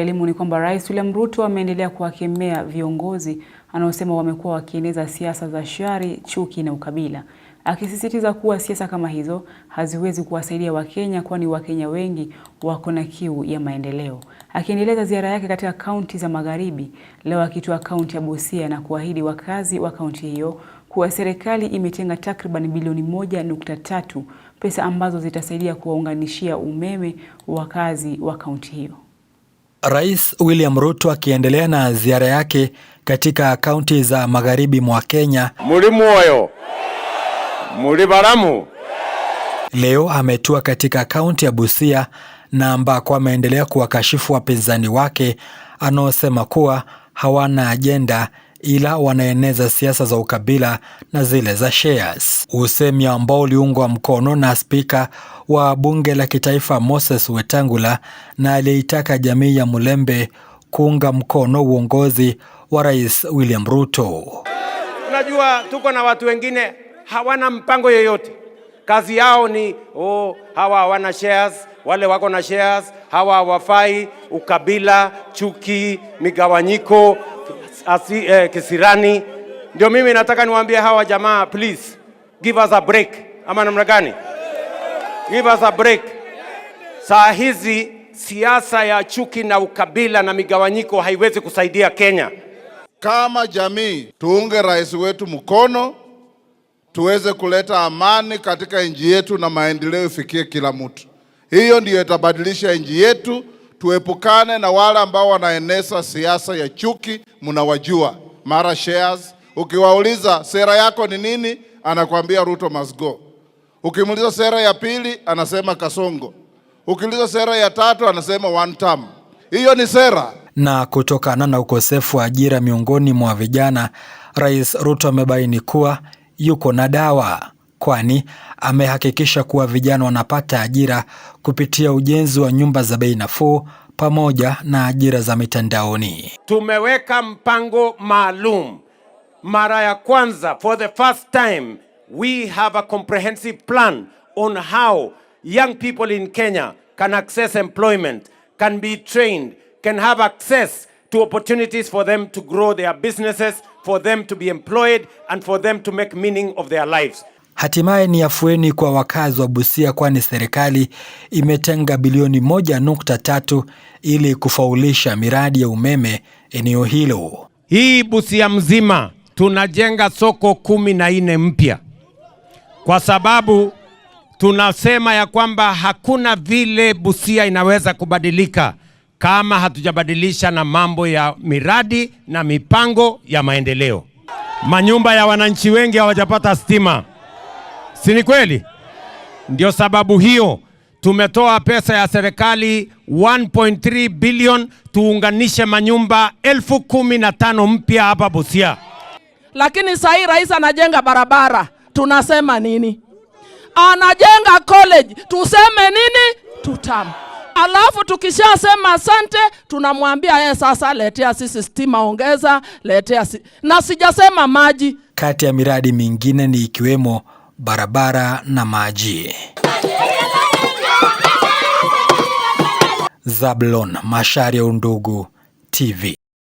Elimu ni kwamba Rais William Ruto ameendelea kuwakemea viongozi anaosema wamekuwa wakieneza siasa za shari, chuki na ukabila, akisisitiza kuwa siasa kama hizo haziwezi kuwasaidia Wakenya kwani Wakenya wengi wako na kiu ya maendeleo. Akiendeleza ziara yake katika kaunti za Magharibi, leo akitoa kaunti ya Busia na kuahidi wakazi wa kaunti hiyo kuwa serikali imetenga takriban bilioni moja nukta tatu, pesa ambazo zitasaidia kuwaunganishia umeme wakazi wa kaunti hiyo. Rais William Ruto akiendelea na ziara yake katika kaunti za magharibi mwa Kenya. mulimuoyo Mwoyo, Baramu. Leo ametua katika kaunti ya Busia na ambako ameendelea kuwakashifu wapinzani wake anaosema kuwa hawana ajenda ila wanaeneza siasa za ukabila na zile za shares, usemi ambao uliungwa mkono na spika wa bunge la kitaifa Moses Wetangula, na aliyeitaka jamii ya Mulembe kuunga mkono uongozi wa Rais William Ruto. Unajua, tuko na watu wengine hawana mpango yoyote, kazi yao ni oh, hawa hawana shares, wale wako na shares hawa hawafai, ukabila, chuki, migawanyiko asi, eh, kisirani. Ndio mimi nataka niwaambie hawa jamaa, please give us a break, ama namna gani? Give us a break. Saa hizi siasa ya chuki na ukabila na migawanyiko haiwezi kusaidia Kenya. Kama jamii tuunge rais wetu mkono, tuweze kuleta amani katika nchi yetu na maendeleo ifikie kila mtu. Hiyo ndiyo itabadilisha nchi yetu tuepukane na wale ambao wanaeneza siasa ya chuki. Mnawajua mara shares, ukiwauliza sera yako ni nini, anakuambia Ruto must go. Ukimuuliza sera ya pili, anasema Kasongo. Ukiuliza sera ya tatu, anasema one term. Hiyo ni sera. Na kutokana na ukosefu wa ajira miongoni mwa vijana, Rais Ruto amebaini kuwa yuko na dawa kwani amehakikisha kuwa vijana wanapata ajira kupitia ujenzi wa nyumba za bei nafuu pamoja na ajira za mitandaoni. Tumeweka mpango maalum mara ya kwanza, for the first time we have a comprehensive plan on how young people in Kenya can access employment, can be trained, can have access to opportunities for them to grow their businesses, for them to be employed and for them to make meaning of their lives. Hatimaye ni afueni kwa wakazi wa Busia kwani serikali imetenga bilioni moja nukta tatu ili kufaulisha miradi ya umeme eneo hilo. Hii Busia mzima tunajenga soko kumi na nne mpya kwa sababu tunasema ya kwamba hakuna vile Busia inaweza kubadilika kama hatujabadilisha na mambo ya miradi na mipango ya maendeleo. Manyumba ya wananchi wengi hawajapata stima si ni kweli? Ndio sababu hiyo tumetoa pesa ya serikali 1.3 billion tuunganishe manyumba elfu kumi na tano mpya hapa Busia. Lakini sasa hii rais anajenga barabara, tunasema nini? Anajenga college, tuseme nini? Tutam. Alafu tukishasema asante, tunamwambia yeye eh, sasa, letea sisi stima, ongeza letea si... na sijasema maji. Kati ya miradi mingine ni ikiwemo barabara na maji. Zablon Macharia, Undugu TV.